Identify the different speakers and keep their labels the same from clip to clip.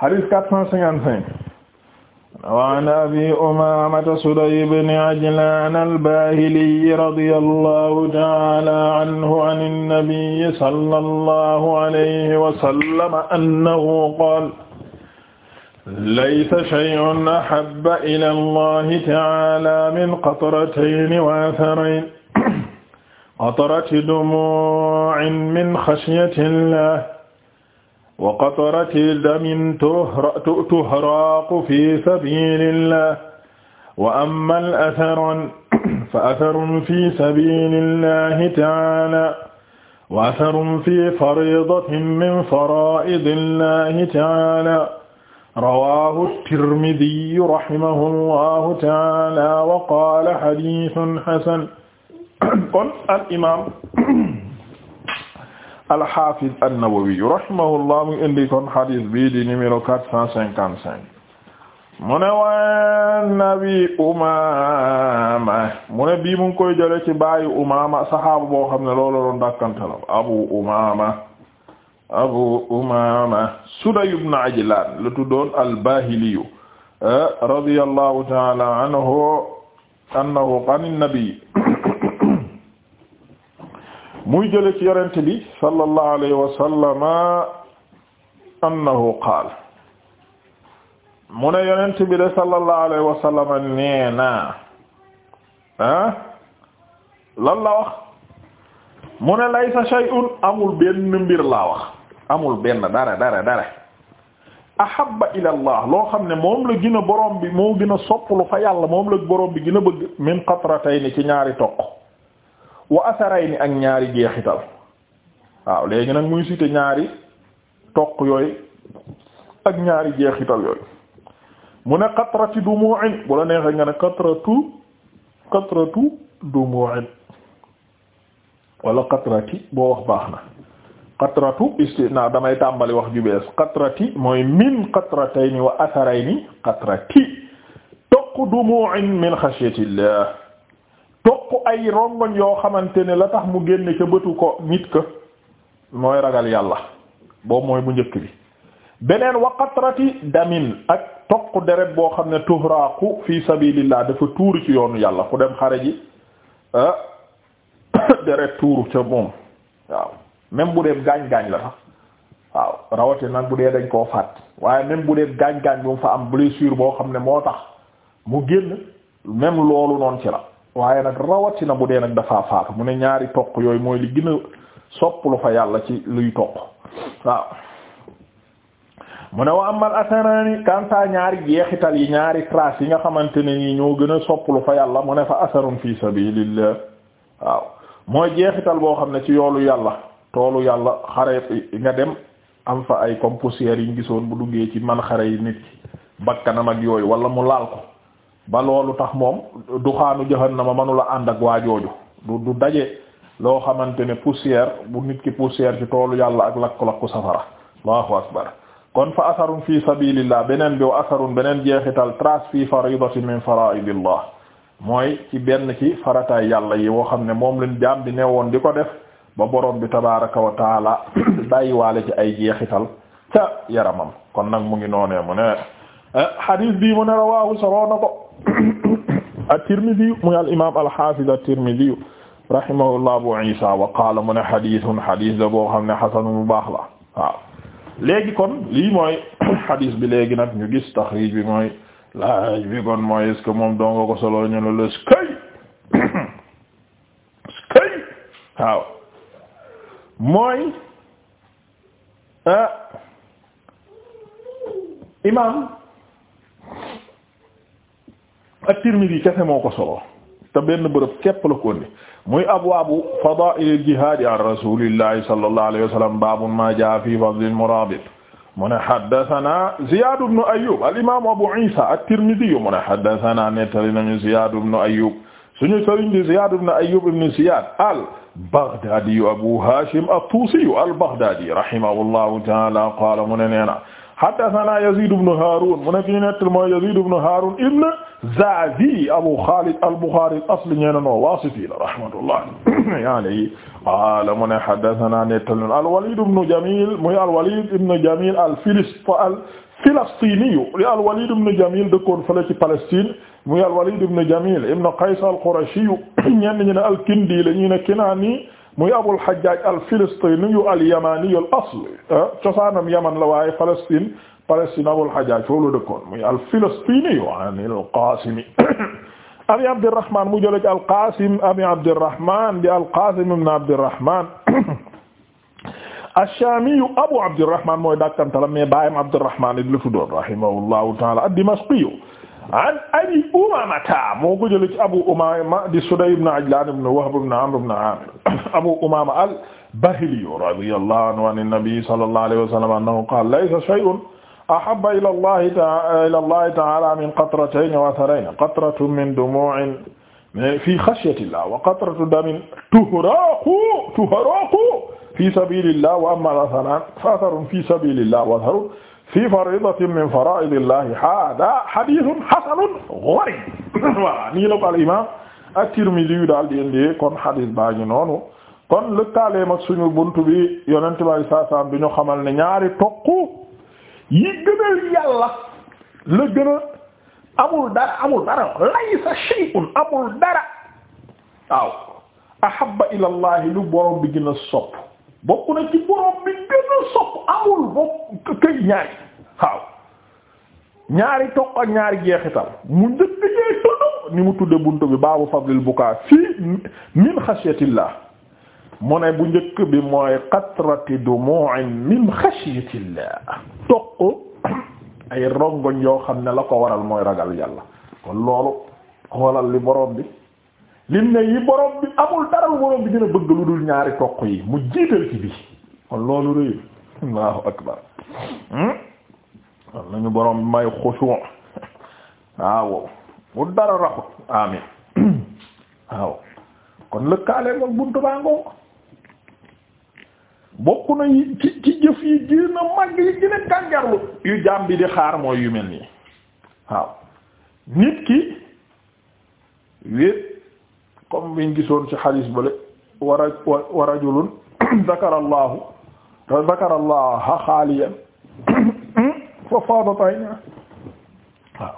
Speaker 1: hadith quatre cent cinquante cinq waan abi umaamata suday ibn ajlaan al-baahili radiyallahu ta'ala anhu an an-nabiy sallallahu alayhi wa sallam annahu qaala laysa shay'un ahabba ila allahi ta'ala min qatratayn wa atharayn qatrati dumu'in min khashyati llah wa qatratil damin tuhraaqu fi sabilillah wa ammal atharu fa atharun fi sabilillahi ta'ala wa atharun fi fariidatin min faraa'idillahi ta'ala rawaahu tirmidiyyu rahimahullahu ta'ala wa qaala hadiisun hasan kon al imaam al-Hafiz an-Nawawi rahimahullah mu indi kon hadis bi di numéro quatre cent cinquante cinq mu ne waa nabi Umaama mu ne bii mu ngi koy jële ci baayu Umaama saxaabu boo xam ne loolu doon dakkantalam Abu Umaama Abu Umaama Suday ibn Ajlaan lu tuddoon al-Baahiliyu eh, radiyallahu ta'ala anhu annahu an-nabi muy jële ci yonent bi sallallahu alayhi wa sallama annahu qaal mu ne yonent bi de sallallahu alayhi wa sallama nee na ah la wax mu ne laysa shay'un amul benn mbir laa wax amul benn dara dara dara ahabba ila allah loo xam ne moom la gën a borom bi moo gën a sopplu fa yàlla moom la borom bi gën a bëgg min qatratayni ci ñaari toq wa asarayni ak ñaari jeexital waaw léegi nag muy cité ñaari toq yooyu ak ñaari jeexital yooyu mu ne qatrati dumu'in bu la neexee nga ne qatratu qatratu dumu'in wala qatrati boo wax baax na qatratu istina damay tàmbali wax ju bees qatrati mooy min qatratayni wa atharayni qatrati toq dumu'in min khashyatillah ay rongoñ yoo xamante ne la tax mu génn ca bëtu ko nit ka mooy ragal yàlla boobu mooy bu njëkk bi beneen waqatrati damin ak toq deret boo xam ne tuhraqu fi sabilillah dafa tuuru ci yoonu yàlla ku dem xare ji ah deret tuuru ca moom waaw même bu dee gaañ-gaañ la sax waaw rawati nag bu dee dañ koo faat waaye même bu dee gaañ-gaañ bu mu fa am blessure boo xam ne moo tax mu génn même loolu noonu ci la waaye nag rawatina bu dee nag dafaa faatu mu ne ñaari toq yooyu mooy li gën a sopp lu fa yàlla ci luy toq waaw mu ne wa amal asarani kanta ñaari jeexital yi ñaari trace yi nga xamante ne nii ñoo gën a sopp lu fa yàlla mu ne fa asarun fi sabilillah waaw mooy jeexital boo xam ne ci yoolu yàlla toolu yàlla xare nga dem am fa ay comme poussière yi ñu gisoon bu duggee ci man xare yi nit ki bakkanam ak yooyu wala mu laal ko ba loolu tax moom duxaanu jahannama manula ànd ak waa jooju du du daje loo xamante ne poussière bu nit ki poussière ci toolu yàlla ak lakku-lakku safara allahu akbar kon fa asarun fi sabilillah beneen bi wa asarun beneen jeexital trace fi faridati min faraidillah mooy ci benn ci farataay yàlla yi woo xam ne moom leen jaam di woon di ko def ba borom bi tabaraka wa taala bàyyiwaale ci ay jeexital ca yaramam kon nag mu ngi noonee mu ne Eh, xadis bi mu ne rawaahu soroo na ko at-Tirmidhi Abu Isa wa qaala mu ne xadisun xadis la boo xam ne baax la waaw léegi kon lii mooy xadis bi léegi nag ñu gis taxriij bi mooy laaj bi kon mooy est-ce que ko solo ñu ne la mooy eh, imaam at-Tirmidhi kese moo ko solo te benn bërëb képp la ko indi muy abwaabu fadaa'il al-jihaad an rasuulillahi sallallahu alayhi wa sallam baabu maa jaa'a fii fadli al-muraabit mu ne haddasanaa Ziyaad ibn Ayyuub al-imaam Abu Iisa at-Tirmidhi mu ne haddasanaa nettali nañu Ziyaad ibn Ayyuub suñu sëriñ di Ziyaad ibn Ayyuub ibn Ziyaad al-Baghdaadi Abu Haashim at-Tuusi al-Baghdaadi rahimahullahu ta'aala qaala mu ne nee na haddasanaa Yaziid ibn Haaruun mu nekk ñu nettal mooy Yaziid ibn Haaruun ibn Zaazi Abu Xaalid al-Buxaari asli ñeena noo Waasiti la rahmatullah yaani qaala mu ne haddasanaa nettal al-Waliid ibn Jamiil muy al-Waliid ibn Jamiil al-Filastiiniyu li al-Waliid ibn Jamiil dëkkoon fële ci Palestine muy al-Waliid ibn Jamiil ibn Qays al-Qurashiyu ñenn ñi ne al-Kindi la ñi ne Kinaani muy Abul Hajjaj al-Filistini al-Yamani al-asl cosaanam Yaman la waaye Palestine Palestine Abul Hajjaj foofu la dëkkoon muy al-Filistini an al-Qasim abi Abdurrahman mu jëlee ci al-Qasim abi Abdurrahman di al-Qasim ibn Abdurrahman ash-Shamiyu Abu Abdurrahman mooy dàkkantalam mais baayam Abdurrahman it la tuddoon rahimahullahu ta'ala ad-Dimashqiyu an abi umamata moo ko jële ci abu umama di suday ibn ajlan ibn wahb ibn amr ibn amir abu umama al bahili radiyallahu anhu an an-nabi sallallahu alayhi wa sallam annahu qala laysa shay'un ahabba ila allahi ta'ala ila allahi ta'ala min qatratayn wa atharayn qatratun min dumu'in fi khashyati llah wa qatratu damin tuhraqu tuhraqu fi sabilillah wa amma al-atharani fa atharun fi sabilillah wa atharun fi faridatin min faraidillahi hada hadithun hasanun gharib voilà nii la ko al imam at-Tirmidhi yu daal di indi kon hadith baa noonu kon lëkkaaleem ak suñu buntu bi yonente bi saa saa bi ñu xamal ne ñaari toq yi gënal yàlla la amul dara amul dara laysa shay'un amul dara waaw ahabba ila lu borom bi gën a bokk na ci borom bi gën a sopp amul bokk këy ñaari waaw ñaari toq ak ñaari jeexital mu njëkk jee tudd ni mu tudde bunt bi baabu fadlil bukaa fii min xashyatillah mu ne bu njëkk bi mooy qatrati dumu'in min xashyatillah toq ay rongoñ yoo xam ne la ko waral mooy ragal yàlla kon loolu xoolal li borom bi lim ne yi borom bi amul dara lu borom bi gën a bëgg lu dul ñaari toq yi mu jiital ci bi kon loolu réyu allahu akbar hmm? kon nañu borom may xushu waaw mu dara raxut amin waaw kon lëkkaale mag buntu baa ngoo bokk na yi ci jëf yi gën a mag yi gën a gàngarlu yu jaam bi di xaar mooy yu mel nii waaw nit ki wéet comme biñ gisoon ci xadiis bale wara wa rajulun zakara allahu zakara allaha xaaliyan fa faadat ayna waaw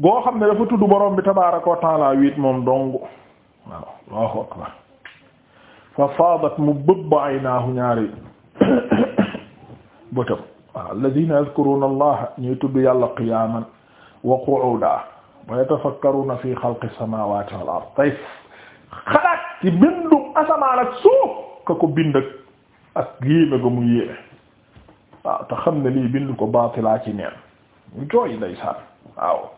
Speaker 1: boo xam ne dafa tudd borom bi tabaaraka wa taala wit moom dong waaw allahu akbar fa faadat mu bëbb aynaahu ñaari bëtam waaw alladina yadkuruna allaha ñuy tudd yàlla qiyaaman wa qu'udan wa yatafakkaruna fi xalqi samawati wal ard asamaan ak suuf ko bind ak ak ga mu yéeme waaw xam ne lii bind ko baatilaa ci neen ñu jooy ndeysaan waaw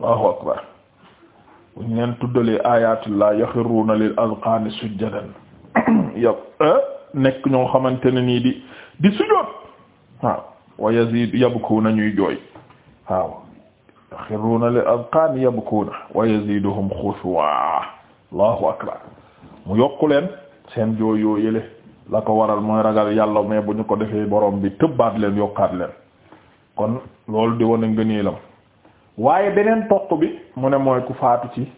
Speaker 1: allahu akbar buñ leen tuddalee ayatullah yaxirruuna lil azqaani sujjadan yop eh? nekk ñoo xamante ne nii di di sujjóot waaw wa yazid ñuy jooy waaw yaxirruuna lil azqaani yabkuuna wa yaziiduhum xushuu'a allahu akbar mu yokku leen seen jooy yoo yële la ko waral mooy ragal yàlla mais bu ñu ko defee borom bi tëbbaat leen yokkaat leen kon loolu di wane ngëneelam waaye beneen toq bi mu ne mooy ku faatu ci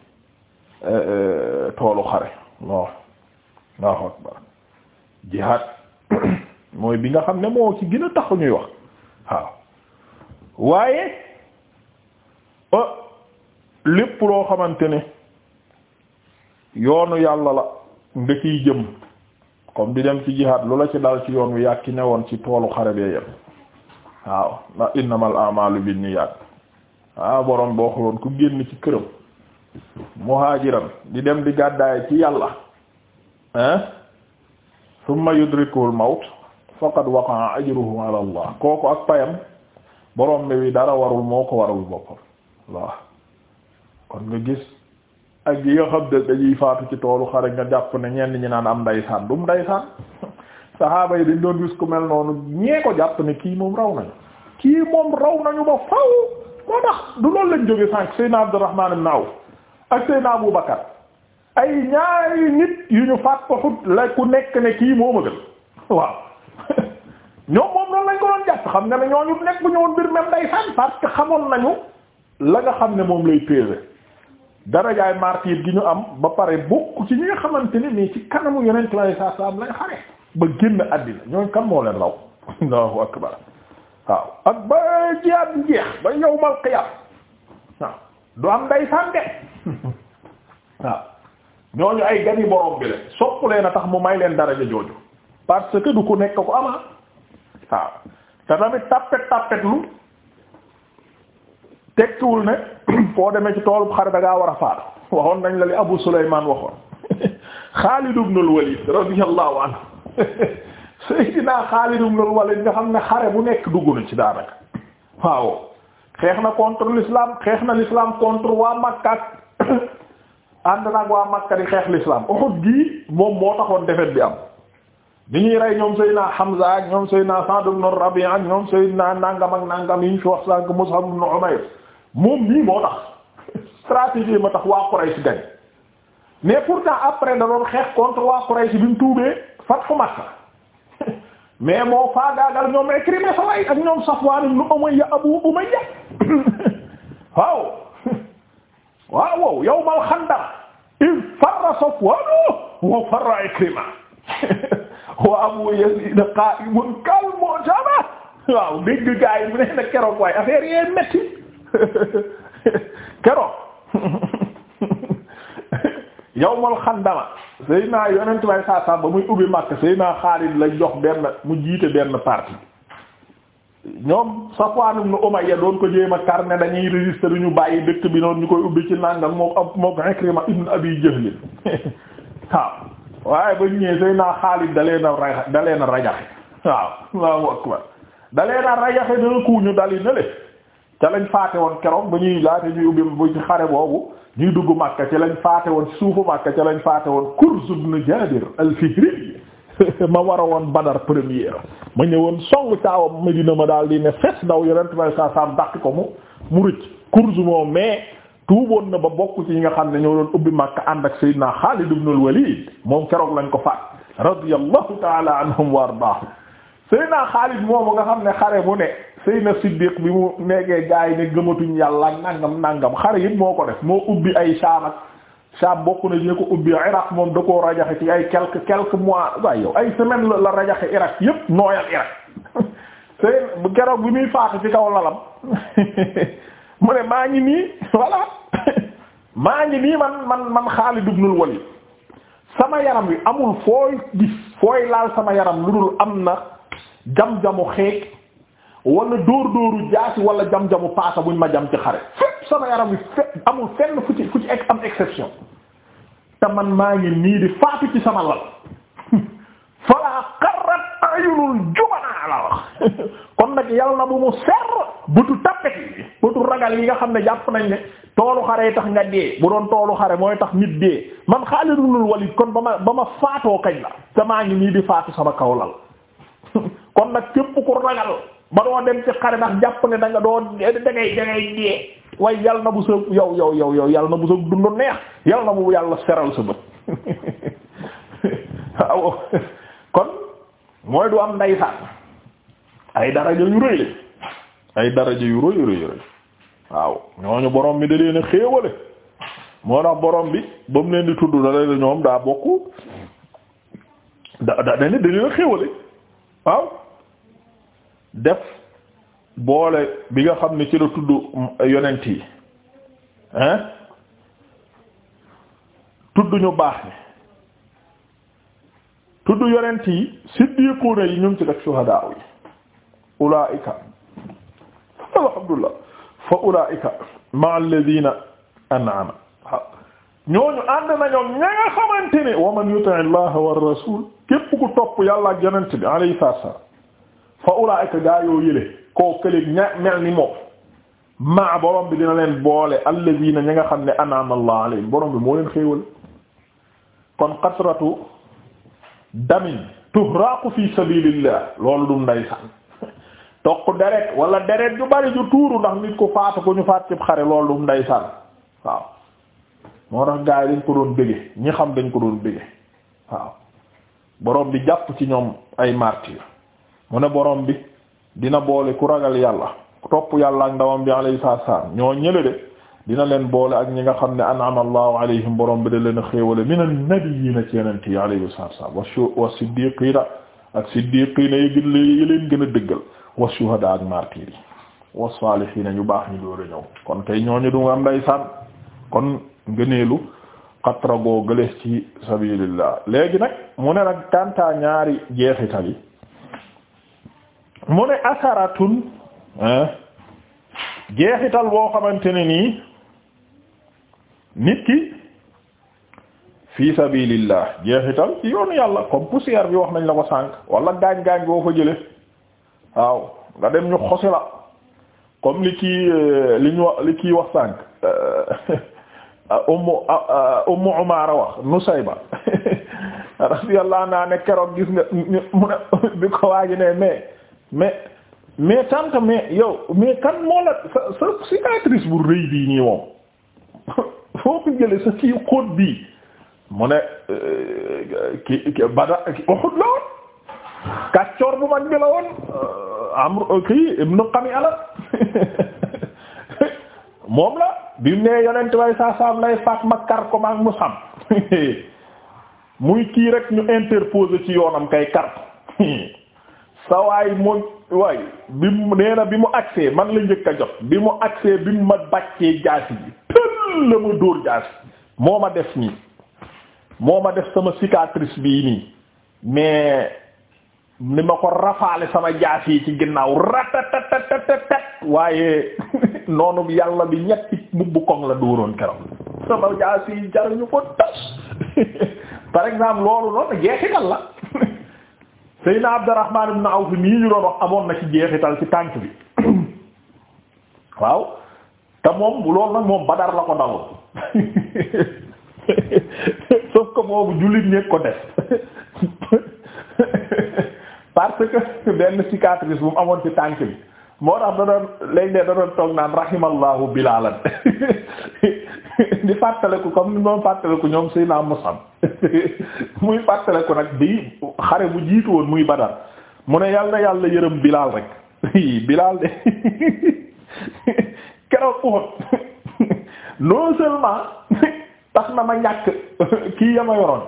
Speaker 1: eh, eh, toolu xare waaw allahu akbar jihaad mooy bi nga xam ne moo ci gën a tax ñuy wax waaye ah lépp loo xamante ni yoonu yàlla la nga ciy jëm comme di dem ci jihaad lu la ci daal ci yoon wi yàgg ne woon ci toolu xare bee yem waaw ndax innamal a'malu binniyat ah borom boo xooloon ku génn ci këram muhaajiran di dem di gàddaay ci yàlla ah thumma yudrikuhul mawt faqad waqa'a ajruhu ala allah kooku ak payam borom bi wi dara warul moo ko warul boppam waaw kon nga gis ak yi nga xam ne dañuy faatu ci toolu xare nga jàpp ne ñenn ñi naan am ndaysaan du mu ndaysaan saxaaba yi dañ doon gis ku mel noonu ñee ko jàpp ne kii moom raw nañu kii moom nañu ba faw moo tax du loolu lañ jóge sànq Seydina Abdurrahman ibn Awf ak Seydina Abu Bakar ay ñaari nit yu ñu faat ko xut la ku nekk ne kii moom a gën waaw ñoom moom loolu lañ ko doon jàpp xam nga ne nekk bu ñëwoon mbir même ndaysaan parce xamoon nañu la nga xam ne moom lay peser darajaay martyr gi ñu am ba pare bokk ci ñi nga xamante ni nii ci kanamu yonent bi saa saa am lay xare ba génn àddina ñooñ kan moo leen raw Allahu akbar waaw ak ba jiyaat bu ba yawmal qiyaam waaw du am day sànde waaw ñooñu ay gani borom bi la sopp leen a tax mu may leen daraja jooju parce que du ko nekk ko ama waaw te tamit tappet tappet lu tekkiwul ne foo demee ci toolub xare da ngaa war a faatu waxoon dañ la li Abu Sulaymaan waxoon Xaalid ibnul Waliid radiyallahu anhu Seydina Xaalid ibnul Waliid nga xam ne xare bu nekk dugg na ci daanaka waaw xeex na contre l'islam xeex na l'islam contre waa Makka ànd nag waa Makka di xeex l'islam Uhud gii moom moo taxoon defet bi am bi ñuy rey ñoom Seydina Hamza ak ñoom Seydina naa ibn Rabi' ak ñoom Seydina nangam ak nangam yi ñu fi wax sànk Mus'ab moom nii moo tax stratégie ma tax waa Quraysh gañ mais pourtant après da xeex contre waa Quraysh bi mu tuubee Fathu Makka mais moo faagaagal ñoom ay Crimée saway ak ñoom Safwaan ibn Umayya Abu Umayya waaw waaw wow yawmal Xandaq iz farra Safwaanu wa farra Ikrima wa Abu Yaziid qaa'imun kal mu'tama waaw dégg gaay mu ne na keroog waay affaire yee metti keroog yawmal xandama Seydina yonent bay saa saa ba muy ubbi Makka Seydina Xaalid lañ jox benn mu jiite benn parti ñoom Safwaan ibn Umayya doon ko jéem kar ne dañuy résister ñu bàyyi dëkk bi noonu ñu koy ubbi ci nàngam moo ab moo Ikrima ibn Abi Jahl waaw waaye ba ñëwee Seydina Xaalid dalee dalee na rajaxe waaw Allahu akbar dalee na rajaxe dana kuuñu dali na le ca lañ faate woon keroog ba ñuy laata ñuy ubbi bu ci xare boobu ñuy dugg Makka ca lañ faate woon suufu Makka ca lañ faate woon Kurz ibn Jabir al ma war a woon Badar première ma ñëwoon song caawam Medina ma daal di ne fes daw yonent may sa sam ko mu mu rëcc Kurz moom mais tuuboon na ba bokk ci ñi nga xam ne ñoo doon ubbi Makka ànd ak Seydina Xaalid ibn al moom keroog lañ ko faat radiyallahu ta'ala anhum wa ardaahum Seydina Xaalid moomu nga xam ne xare bu Seyna Siddiq bi mu nekkee gaa yi ne gëmatuñ yàlla nangam nàngam xare yëpp moo ko def moo ubbi ay Saam ak Saam bokk na ñu ko ubbi Irak moom da ko rajaxe ci ay quelques quelques mois waaye yow ay semaine la la rajaxe Irak yëpp nooyal Irak Sey bu keroog bi muy faatu ci kaw lalam mu ne maa ngi nii voilà maa ngi nii man man man Xaalid ibnul sama yaram wi amul fooy gis fooy laal sama yaram lu dul am na jam-jamu xeek. wala dóor dóoru jaasi wala jam-jamu paasa buñ ma jam ci xare fépp sama yaram wi fépp amul fenn fu ci fu ci am exception te man maa ngi nii di faatu ci sama lal fala qarrat ayunul jubanaa la wax kon nag yàlla na bu mu serr bëtu tappet yi ragal yi nga xam ne jàpp nañ ne toolu xare yi tax nga dee bu doon toolu xare mooy tax nit dee man Xaalidul Walid kon ba ma ba ma faatoo kañ la te ngi nii di faatu sama kaw lal kon nag képp ku ragal ba doo dem ci xare ndax jàpp ne da doo dangay dangay dee waaye yal na bu sa yow yow yow yow yal na bu sa dund neex yal na bu yàlla seral sa bët kon mooy du am ndeysaan ay daraja yu rëy ay daraja yu rëy waaw ñooñu borom bi da leen a xéewale moo tax borom bi ba mu leen di tudd da ñoom daa bokk da da da leen a xéewale waaw. def boole bi nga xam ne ci la tudd yonent yi hein tudd ñu baax ni tudd yonent si siddiquuna yi ñu ngi ci kat shuhadaa yi ulaa'ika alhamdulillah fa ulaa'ika ma'a alladhiina an'ama ñooñu ànd nañoo ña nga xamante ne wa man yuti'i llaha war rasul képp ku topp yàlla ak yonent bi salaam fa ulaa'ika gaa yoo yële koo kële ña mel ni moom maa borom bi dina leen boole alladina ñi nga xam ne an'ama Allah alayhim borom bi moo leen xéewal kon qatratu damin tuhraqu fi sabilillah loolu du ndeysaan toq deret wala deret ju bari yu tuuru ndax nit ku faatu ko ñu faat ci xare loolu du ndeysaan waaw moo tax gaa yi dañ ko doon bëgge ñi xam dañ ko doon bëgge waaw borom bi jàpp ci ñoom ay martyr mu ne borom bi dina boole ku ragal yàlla ku topp yàlla ak ndawam bi alayhi salaam ñoo ñële de dina leen boole ak ñi nga xam ne an'ama allahu alayhim borom bi da leen a xéewale min an-nabiyyiina ci yonent yi alayhi salaam wa siddiqiina ak siddiqiina yi leen gën a dëggal wa shuhadaa ak martyr yi wa saalihiina ñu baax ñu door a ñëw kon tey ñooñu du nga am day sànn kon ngëneelu xatra goo gëles ci sabilillah léegi nag mu ne nag kantaa ñaari jeexital yi mu ne asaratun jeexital boo xamante ne nii nit ki fi sabilillah jeexital ci yàlla comme poussière bi wax nañ la ko sànq wala gaañ-gaañ boo fa jële waaw nga dem ñu xosi comme li kii euh, li ñu li kii wax sànq euh, ah, ummu ah, ah, ummu Umaara wax Nusayba radiyallahu anha ne keroog gis nga mu ne bi ko waaji ne mais mais mais tant mais yow mais kan moo la sa sa cicatrice bu rëy bii nii moom foo ko jële sa kii xóot bii mu ne euh, ki ki bada Uhud la woon kàccoor bu mag bi la woon euh, amr euh, kii ibnu Qami ala moom la bi ne yonent way saa saam lay faat makkar ko maak mu xam muy kii rek ñu interposer ci yoonam kay kar sa waay mu waay bi mu nee bi mu agsee man la njëkk a jot bi mu agsee bi mu ma bàccee jaasi bi tëll la ma dóor jaasi moo ma def nii moo ma def sama cicatrice bii nii mais ni ma ko rafaale sama jaas yi ci ginnaaw ratatatatat waaye noonu yàlla bi ñetti mbubb koŋ la dóoroon keroog sama jaas yi jaruñu ko tas par exemple loolu noonu jeexital la Seydina Abdurrahman ibn Awf mii ñu doon wax amoon na ci jeexital ci tànk bi waaw te moom loolu nag moom Badar la ko daloon sauf que boobu jullit ñépp ko def parce que benn cicatrice bu mu amoon ci tànk bi moo tax da doon léegi de da doon toog naan rahimallahu bilaalan di fàttaleku comme ni moom fàttaleku ñoom si naa Musab muy fàttaleku nag bi xare bu jiitu woon muy Badar mu ne yàlla na yàlla yërëm bilaal rek bilaal de keroog non seulement tax na ma ñàkk kii ya ma sa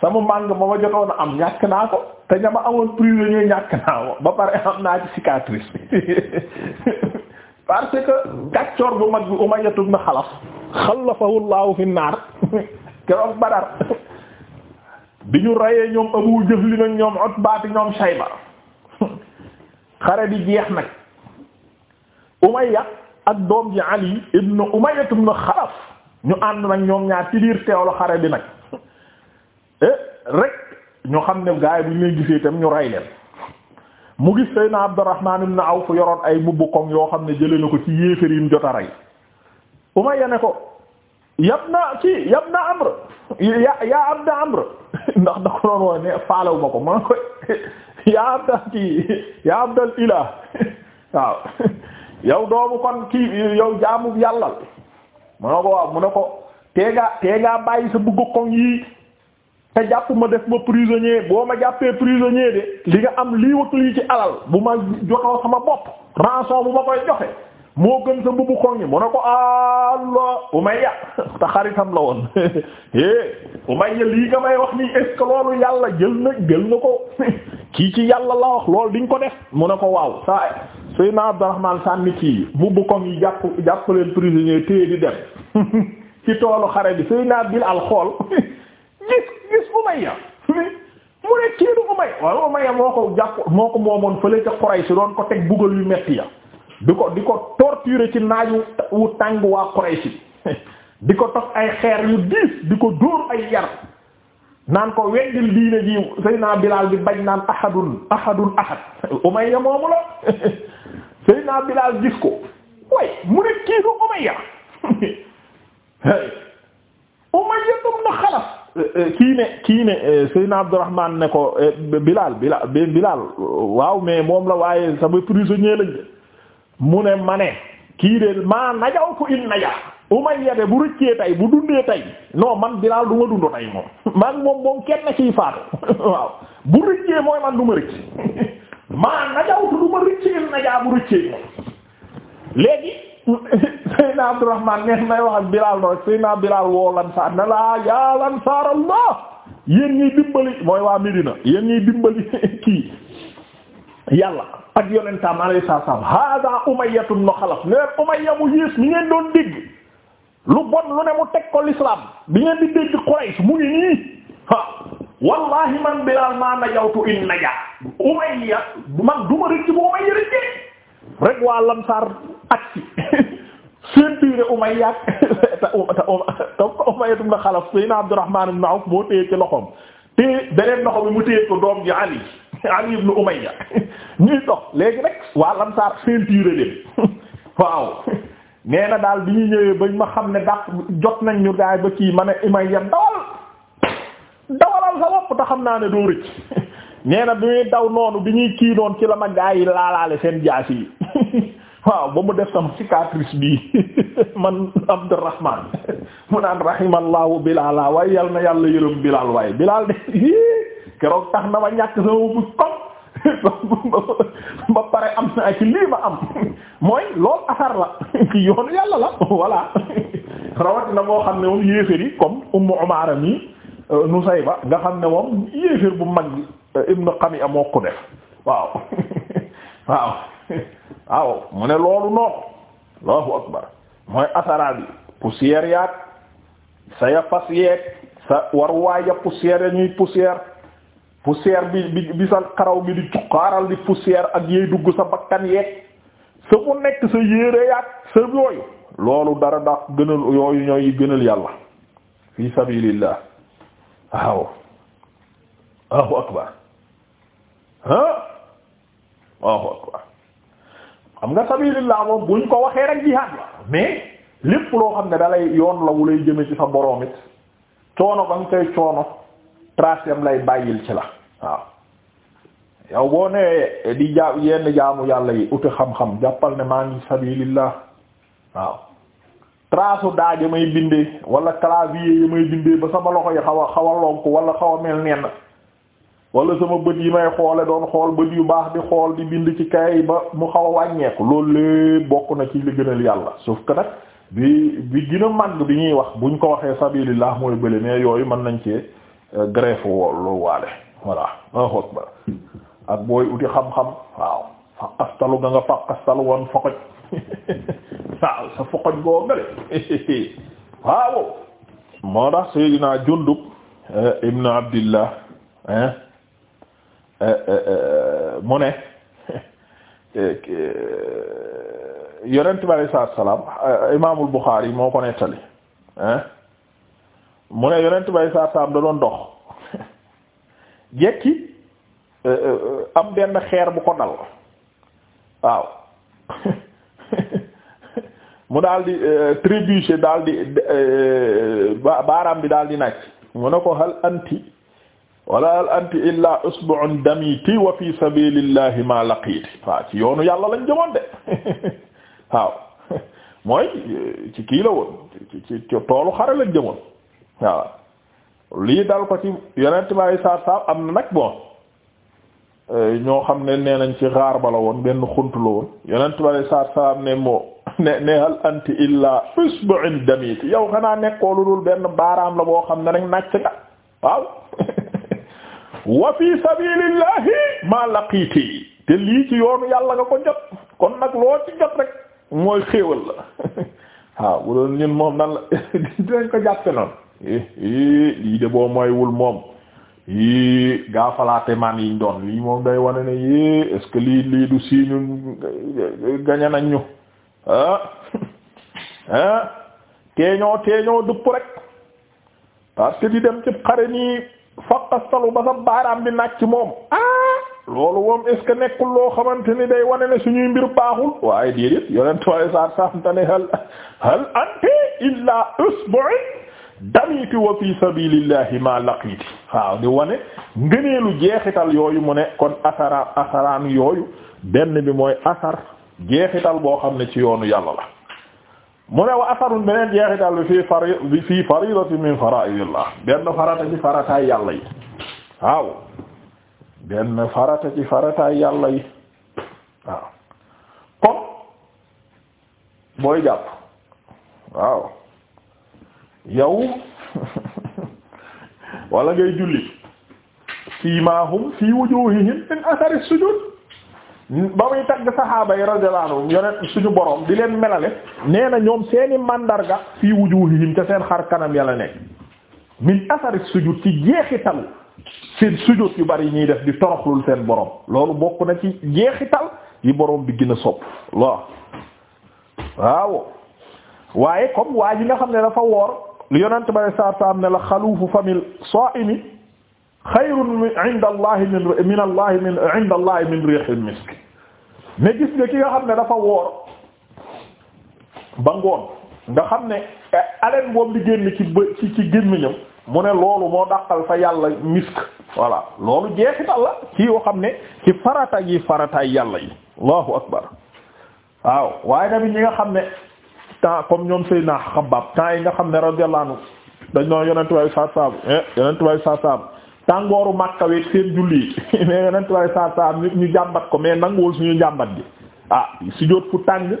Speaker 1: sama màng ma ma jotoon a am ñàkk naa ko te ñama amoon prisonnier ñàkk naa ba pare am naa ci cicatrice parce que gàccoor bu mag bi Umayyatu ibn Xalaf xalafahu Allahu fi naar keroog Badar bi ñu reyee ñoom Abu Jahl nag ñoom Utba ñoom Shayba xare bi jeex nag Umayya ak doom ji Ali ibn Umayyatu ibn Xalaf ñu ànd nag ñoom ñaar ci biir teewlu xare bi nag eh, rek ñu xam ne gaay bu ñu leen gisee itam ñu ray mu gis Seydina Abdurrahman ibn Awf yoroon ay mubbu koŋ yoo xam ne jëlee na ko ci yéefar yi mu jot a rey Umayya ne ko yab na Amr ndax da ko doon woo ne faalewu ma ko ma ko ya abda kii ya abdal ilah waaw yow doomu kon kii yow jaamu yàllal mu ne ko waaw mu ne ko tee ngaa bàyyi sa bëgg koŋ yi te jàpp ma def ma prisonnier boo ma jàppee prisonnier de li nga am lii wak lii ci alal bu ma joxoo sama bopp rançon bu ma koy joxe moo gën sa mbubu xongi mu ne ko Allah Umayya te xaritam la woon é eh Umayya lii nga may wax ni est-ce que loolu yàlla jël na jël na ko kii ci yàlla la wax lool di ko def mu ne ko waaw sa Seydina Abdurrahman sànni kii mbubu kong yi jàpp jàpp leen prisonnier téye di dem si toolu xare bi Seydina Bilal xool gis gis Umayya hmm? mu ne kii du Umayya waaw Umayya moo ko jàpp moo ko moomoon fële ca Quraysh doon ko teg buggal yu metti ya di ko di ko torturer ci naaj wu tàng waa Quraysh di ko toog ay xeer yu diis di ko dóor ay yar naan ko weddil diine ji Seydina Bilaal bi bañ naan ahadun ahadun ahad Umayya moomu la Seydina Bilaal gis ko way mu ne kii du Umayya Umayya tum na Xalaf kii ne kii ne eh, Seydina Abdourahman ne ko eh, Bilal Bilal Bilal waaw mais moom la waaye sama prisonnier lañ de mu ne ma ne kii de maa najaw ko in naja Umayya de bu rëccee tey bu dundee tey non man Bilal du ma dund moom maa ngi moom moom kenn ciy faatu waaw bu rëccee mooy man du ma rëcc maa najaw ko du ma rëcc in naja bu rëccee moom léegi Seydina Abdourahman neen may wax ak Bilaal rek Seydina Bilaal woo Lansaar na laa yaa Lansaar Allah yéen ñuy dimbali mooy waa Medina yéen ñuy dimbali kii yàlla ak yonentam alayhi salaam hada Umayya ibn Khalaf neen Umayya mu yées mi ngeen doon dégg lu bon lu ne mu teg ko l'islam bi ngeen di dégg Quraysh mu ngi nii ha wallahi man Bilaal maa najawtu in naja Umayya man duma rëcc bu Umayya rëcc rek waa Lansaar ak si ceinture Umayya te Umayya ibn Xalaf sayna Abdurrahman ibn Awf moo téye ci loxoom téye beneen loxo bi mu téye ko doom ji Ali Ali ibn Umayya ñuy dox léegi rek waa Lamsaar ceinture leen waaw nee na daal bi ñu ñëwee ba ñu ma xam ne dàq jot nañ ñu gaay ba kii ma ne Umayya dawal dawalal sa bopp te xam naa ne doo rëcc nee na bi ñuy daw noonu bi ñuy kii noonu ci la ma gaay yi laalaale seen jaas yi waaw ba mu def sama cicatrice bi man Abdurrahman mu naan rahimallahu Bilal waaye yal na yàlla yërëm Bilal waaye Bilal de keroog tax na ma ñàkk sama bu kopp ba pare am naa ci lii ma am mooy loolu asar la ci yoonu yàlla la voilà rawatina boo xam ne moom yéeféer yi comme Ummu Umaara euh, say ba nga xam ne moom yéeféer bu mag euh, Ibnu Qami'a moo ko def waaw waaw waaw mu ne loolu noonu allahu akbar mooy asara bi poussière yaag sa ya fas sa war waaya poussière ya ñuy poussière poussière bi bi bi xaraw bi di cuqaaral di poussière ak yey dugg sa bakkan yeeg sa mu nekk sa yére yaag sa yooyu loolu dara dax gënal yooyu ñooy gënal yàlla fi sabilillah waaw allahu akbar ha allahu akbar xam nga sabilillah moom buñ ko waxee rek jihaad la mais lépp loo xam ne dalay yoon la wu lay jëme ci sa boroom it coono ba nga koy coono tracem lay bàyyil ci la waaw yow boo nee di jaa yenn jaamu yàlla yi uti xam-xam jàppal ne maa ngi sabilillah waaw trasu daaj may bindee wala clavier yi may bindee ba sama loxo yi xaw a xaw lonk wala xaw a mel nenn wala sama bët yi may xoole doon xool bët yu baax di xool di bind ci kay ba mu xaw a wàññeeku loolu lépp bokk na ci li gënal yàlla sauf que bi bi gën a bi ñuy wax buñ ko waxee sabilillah mooy bële mais yooyu mën nañ cee euh, greffe loolu waale ak booy uti xam-xam waaw moo tax Seydina Jundub euh, ibnu Abdillah mu ne yonent bi alayhi salaatu wa salaam imaamul Buxaari moo ko nettali mu ne yonent bi alayhi salaam da doon dox jekki euh, euh, euh, am benn xeer bu ko dal waaw mu daal di trébuché daal di baaraam bi daal di nàcc mu ne ko hal anti wala al anti illa usbu'un damiti wa fi sabilillahi ma laqiti waaw ci yoonu yàlla lañ jëmoon de waaw mooy ci kii la woon ci ci toolu xare lañ jëmoon waaw lii dal ko ci yonent bi alei saatu am na nag bon eh, ñoo xam ne nee nañ ci xaar ba la woon benn xunt la woon yonent bi alei saatu ne moo ne ne hal anti illa usbu'un damiti yow xanaa nekkoo lu dul benn baaraam la boo xam ne rek nàcc nga waaw wa fi sabilillahi ma laqiti te lii ci yoonu yàlla nga ko jot kon nag loo ci jot rek mooy xéewal la waaw bu doon ñun moom nan la dinañ ko jàppe noonu eh, eh, lii de boo mooywul moom yii eh, gaafalaate man yiñ doon lii moom day wane ne yii est-ce lii lii du siiñu gañe nañ ñu ah, ah teeñoo teeñoo dëpp rek parce que di dem ci xare nii faqastalu ba sa baaraam bi nàcc moom ah loolu moom est nekkul loo xamante ni day wane ne suñuy mbir baaxul waaye déedéet yonent waaye saat saamte ne hal hal anti illaa usbu'i damiti wa fi sabilillahi ma laqiti waaw di wane ngëneelu jeexital yooyu mu ne kon asara asaraan yooyu benn bi mooy asar jeexital boo xam ne ci yoonu yàlla la mu ne wa asarun beneen jeexital bi fii fari bi fii faridati min faraidillah benn farata ci farataay yàlla yi waaw benn farata ci farataay yàlla yi waaw kon booy jàpp waaw yow wala ngay julli siimaahum fii wujuuhihim min asari sujud ba muy tagg saxaaba yi radiyallahu yonent suñu boroom di leen melale nee na ñoom seeni màndarga fii wujuhihim ca seen xar kanam yàlla nekk min asari sujud ci jeexital seen sujud yu bari ñuy def di toroxlul seen borom loolu bokk na ci jeexital yi borom bi gën a sopp waaw waaw waaye comme waa ji nga xam ne dafa woor lu yonent ba ne saa saa am ne la xaluufu famille sa'imi xayrun inda allahi min min allahi min inda allahi min rihil misk ne gis nga ki nga xam ne dafa woor ba ngoon nga xam ne e, alen boobu di génn ci bë ci mi gémmiñam mu ne loolu moo dàqal fa yàlla misk voilà loolu jeexital la ci yoo xam ne ci farata yi farataay yàlla yi allahu akbar waaw waaye tamit ñi nga xam ne temps comme ñoom sëy naa xabaab temps yi nga xam ne radiyallahu anhu dañ noo yonentu way sa saabu eh, yonentu way sa saabu tàngooru Makka wi seen julli yi mais yonent waaye saa saa nit ñu jàmbat ko mais nanguwul suñu njàmbat bi ah sujjóot fu tàng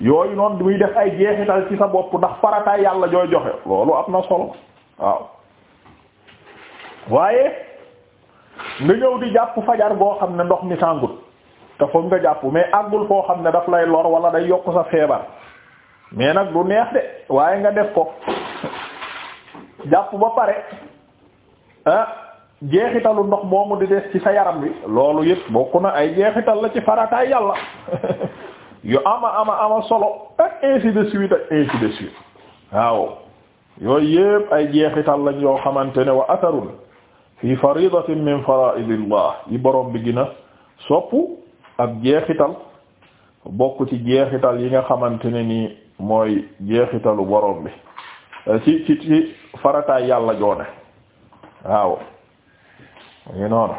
Speaker 1: yooyu noonu muy def ay jeexital ci sa bopp ndax farataay yàlla jooy joxe loolu am na solo waaw waaye nga ñëw di jàpp fajar goo xam ne ndox mi sàngut te foog nga jàpp mais àggul koo xam ne daf lay lor wala day yokk sa feebar mais nag du neex de waaye nga def ko jàpp ba pare ah jeexitalu ndox moomu di des ci sa yaram bi loolu yëpp bokk na ay jeexital la ci farataay yàlla yu ama ama ama solo ak ainsi de suite ak ainsi de suite waaw yooyu yëpp ay jeexital lañ yoo xamante ne wa atharun fi faridatin min fara'idillah yi borom bi gën a soppu ab jeexital bokk ci jeexital yi nga xamante ne ni mooy jeexitalu borom bi ci ci ci farataay yàlla joone waaw ñu noonu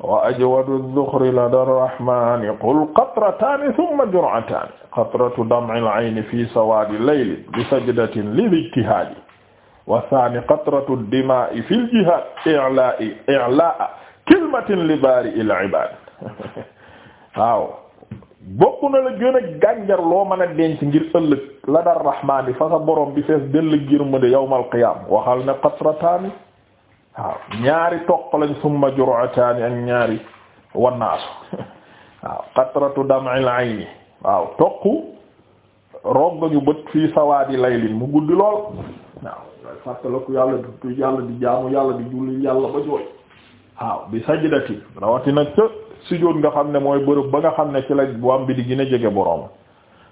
Speaker 1: wa ajwadu dhukhri lada rahmani qul qatratani thumma jur'atani qatratu dam'i al-'ayni fi sawadi layli bi sajdatin lil-ijtihadi wa thani qatratu dima'i fi al-jihad i'la'i i'la'a kilmatin li bari'il 'ibad waaw bokk na la gën a gànjar loo mën a denc ngir ëllëg la dar rahmaani fa sa borom bi fees dell ngir mu de yawmal qiyaam waxal ne qatrataani waaw ñaari toq lañ summa jur'ataani ak ñaari wannaasu waaw qatratu dam'il ayni waaw toq rongo ñu bët fii sawaadi laylin mu guddi lool waaw fàttaliku yàlla di yàlla di jaamu yàlla di julli yàlla ba jooy waaw bi sajdati rawatina si sujjóot nga xam ne mooy bërëb ba nga xam ne ci la wam bi di gën jege boroom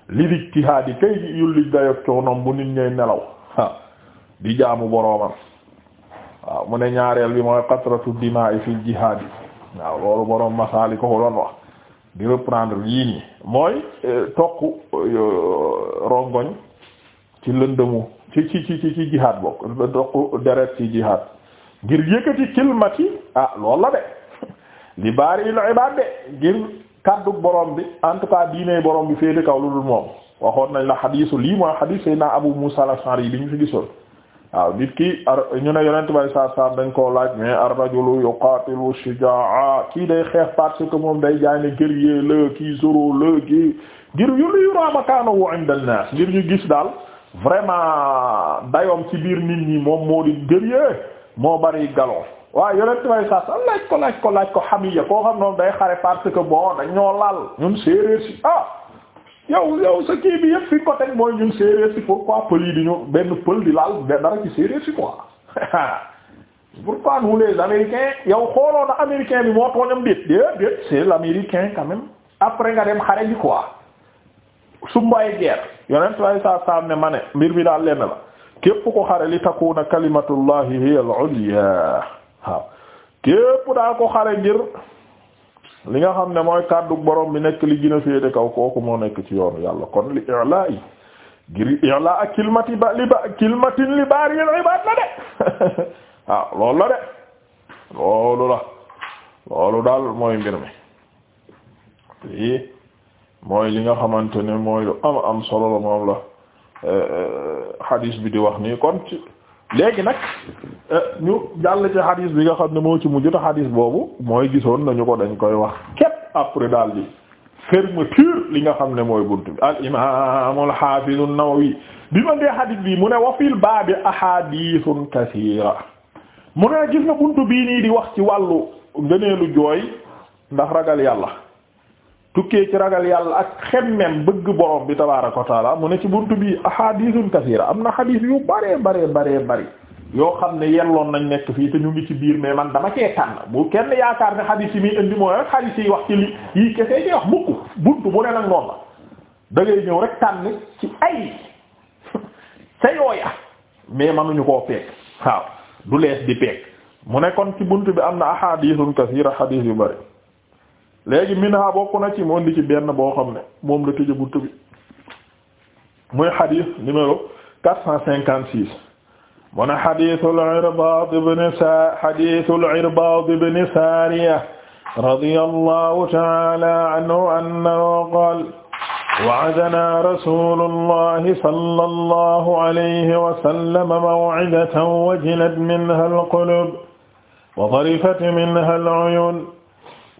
Speaker 1: li di ijtihaadi kay yulli dayoog coonoom bu nit ñooy nelaw di jaamu boroomam waaw mu ne ñaareel bi mooy qatratu dimaa'i fil jihaad yi waaw loolu boroom masaali ko ko doon wax di reprendre yii nii mooy euh, toq euh, rongoñ ci lëndëmu ci ci ci ci jihaad bokk toq deret ci jihaad ngir yëkkati kilmati ah loolu la de li baari il ibaad de ngir kaddu borom bi en tout cas diine borom bi féete kaw lu dul moom waxoon nañ la xadiisu lii mooy xadiis Seydina Abu Musa al-Ash'ari bi ñu fi gisoon waaw nit ki ar ñu ne yonent bay saa saam dañ koo laaj mais ar rajulu yuqatilu shujaa kii day xeex parce que moom day jaay ne guerrier la kii zoro la kii ngir yu lu yuraa makaanahu inda an-nas ngir ñu gis daal vraiment dayoom ci biir nit ñi moom moo di guerrier moo bari galon waaw yonent bay saa saam laaj ko laaj ko laaj ko xamiya koo xam noonu day xare parce que bon dañ ñoo laal ñun séeréer si ah yow yow sa kii bi yëpp fi ko mooy ñun séeréer si pourquoi pël yi benn pël di laal dara ci séeréer si quoi pourquoi nous les américains yow xooloon américain bi moo tooñam déet déet déet c'est l'américain quand après nga dem xare ji quoi sumbaay guerre yonent way sa saam ne ma mbir mi daal leen lenn la képp ko xare li takuna kalimatullahi hiya al-ulya képp daa ko xare ngir li nga xam ne mooy kàddu borom bi nekk li gën kaw kooku moo nekk ci yoonu yàlla kon li i'la yi ngir i'la li ba kilmatin li bari la de waaw ah, loolu la loolu daal mooy mbir mi lii mooy li nga xamante ne mooy lu am am solo la moom la eh, eh, hadis bi di wax ni kon ci léegi nag euh, ñu jàll ci xadis bi nga xam ne moo ci mujj te xadis boobu mooy gisoon nañu ko dañ koy wax képp après daal di fermeture li nga xam ne mooy bunt bi al imam al hafiz an-Nawawi bi ma dee xadis bi mu ne wa fil baabi ahadithun kathira mu ne gis na buntu bii nii di wax ci wàllu ngëneelu jooy ndax ragal yàlla tukkee ci ragal yàlla ak xemmem bëgg borom bi tabaaraka wa taala mu ne ci buntu bi ahadithun kasiira am na xadiis yu bare bare bare bari yoo xam ne yelloon nañ nekk fii te ñu ngi ci biir mais man dama cee tànn bu kenn yaakaar ne xadiis yi muy indi mooy rek xadiis yi wax ci lii yii kese ci wax mukk buntu bu ne nag noonu la da ñëw rek tànn ci ay ca yooya mais manuñu koo peeg waaw du lees di peeg mu ne kon ci bunt bi am na ahadithun kasiira xadiis yu bari léegi minha bokk na ci mu indi ci benn boo xam ne moom la tëj buntu bi muy xadis numéro quatre cent cinquante six mu ne xadisul Irbaad ibn sa xadisul Irbaad ibn Saariya radiyallahu ta'ala anhu annahu qaala wa'adanaa rasuulullahi sallallahu alayhi wa sallam maw'idatan wajilat minha al-quluub wa darifat minha al-'uyuun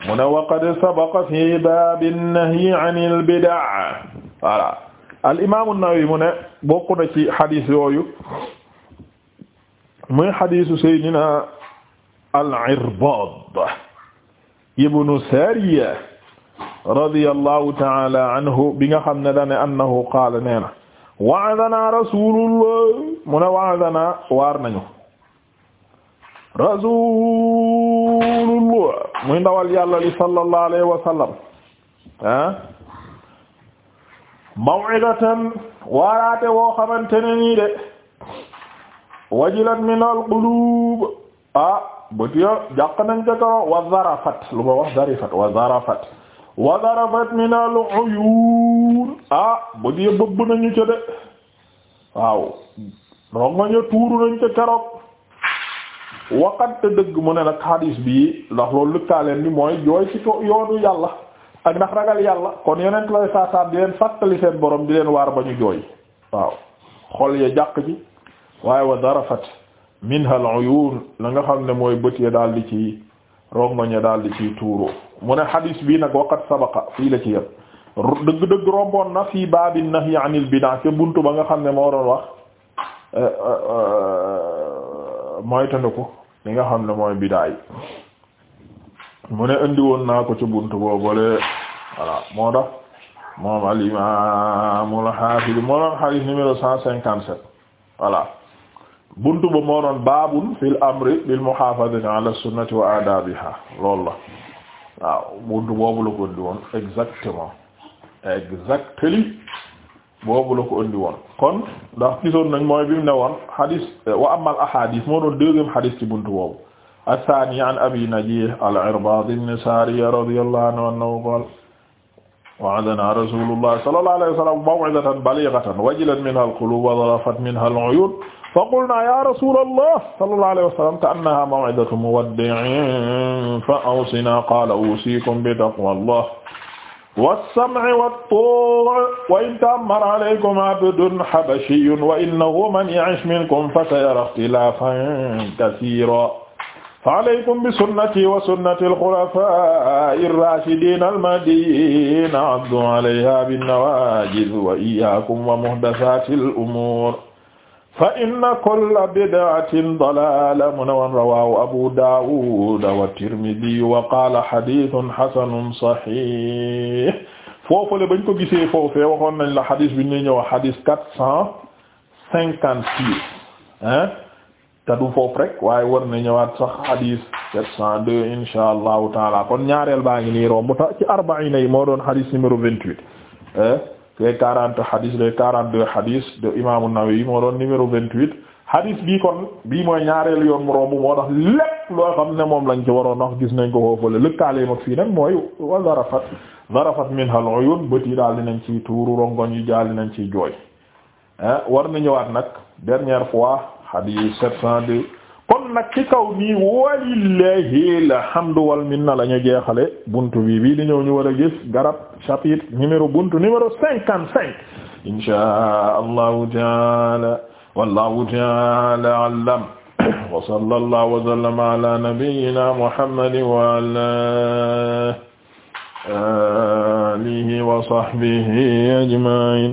Speaker 1: mu ne wa qad sabaqa fi baabi nahyi an al bidaa voilà al imaamu an-Nawawi mu ne bokk na ci xadis yooyu muy xadisu Seydina al-Irbaad ibnu Saariya radiyallahu ta'ala anhu bi nga xam ne dane annahu qaala nee na wa'adanaa rasuulullah mu ne wa'adanaa waar nañu mu muy ndawal yàlla li sallallahu alayhi wa sallam ah maw'idatan waaraate woo xamante ne nii de wajilat min al qulub ah bët ya jàq nañ wa zarafat lu ma wax zarifat wa zarafat wa zarafat min al uyun ah bët ya bëbb nañu ca de waaw rongoñ tuuru nañ ca waqat dëgg mu ne nag xadiis bii ndax loolu lëkkaaleen bi mooy jooy ci yoonu yàlla ak ndax ragal yàlla kon yonent lay saasaam di leen fàttali seen borom di leen waar ba ñu jooy waaw xol ya jàq ji waaye wa darafat minha al-uyun la nga xam ne mooy bët ya daal di ci rongoñ ya daal di ciy tuuroo mu ne xadiis bii nag waqat sabaqa fii la ci yem dëgg-dëgg romboon na fii baabi nahyi anil bid'a ca buntu ba nga xam ne moo doon wax euh, euh, euh, moytandiku li nga xam mooy bidaay mu ne indi woon naa ko ci buntu boobule voilà moo tax moom al imaamul haafid moo doon hadith numéro cent cinquante sept voilà buntu ba moo doon baabun fil amri bil muhaafazati ala sunnati wa adabiha loolu la waaw buntu boobu la ko indi exactement exactement boobu la ko andi woon kon ndax gisoon nañ mooy bi mu ne woon hadis wa amal ahadis moo doon deuxième hadis ci buntu boobu athani an abi najih al-irbad ibn sariya radiyallahu anhu annahu qala wa'adana rasulullah sallallahu alayhi wa sallam maw'izatan balighatan wajilat minha al-qulub wa dharafat minha al-'uyun fa qulna ya rasulallah sallallahu alayhi wa sallam ka'annaha maw'izatu muwaddi'in fa awsina qala usikum bi taqwallah والسمع والطوع وإن تأمر عليكم عبد حبشي وإنه من يعش منكم فسيرى اختلافا كثيرا فعليكم بسنتي وسنة الخلفاء الراشدين المهديين عضوا عليها بالنواجذ وإياكم ومحدثات الأمور fa inna kulla bid'atin dalaala mu ne rawaahu abu daawuda wa tirmidi wa qaala xadiisun xasanun saxiix foofule bañ ko gisee foofee waxoon nañ la xadis bi ñu ñëw xadis quatre cent cinquante six hein te du foofu rek waaye war na ñëwaat sax xadis sept cent deux insha allahu taala kon ñaareel baa ngi nii romb ta ci arbaine yi moo doon xadis numéro vingt huit hein les quarante hadith les quarante deux hadith de imaamu Nawawi moo doon numéro vingt-huit hadith bii kon bii mooy ñaareelu yoon mu romb moo tax lépp loo xam ne moom lañ ci waroon wax gis nañ ko foofule lëkkaaleem ak fii nag mooy wa zarafat zarafat minha al-uyun bët yi daal di nañ ciy tuuru rongoñ yi daal di nañ ciy jooy eh, war na ñëwaat nag dernière fois hadith sept cent deux nag ci kaw nii walillahi alhamdu wal minna la ñu jeexale buntu bi bii di ñëw ñu war a gis garab chapitre numéro buntu numéro cinquante cinq inshaa allahu taala wallahu taala alam wa sallallahu wa sallama ala nabiyyina muhammadin wa ala alihi wa sahbihi ajma'in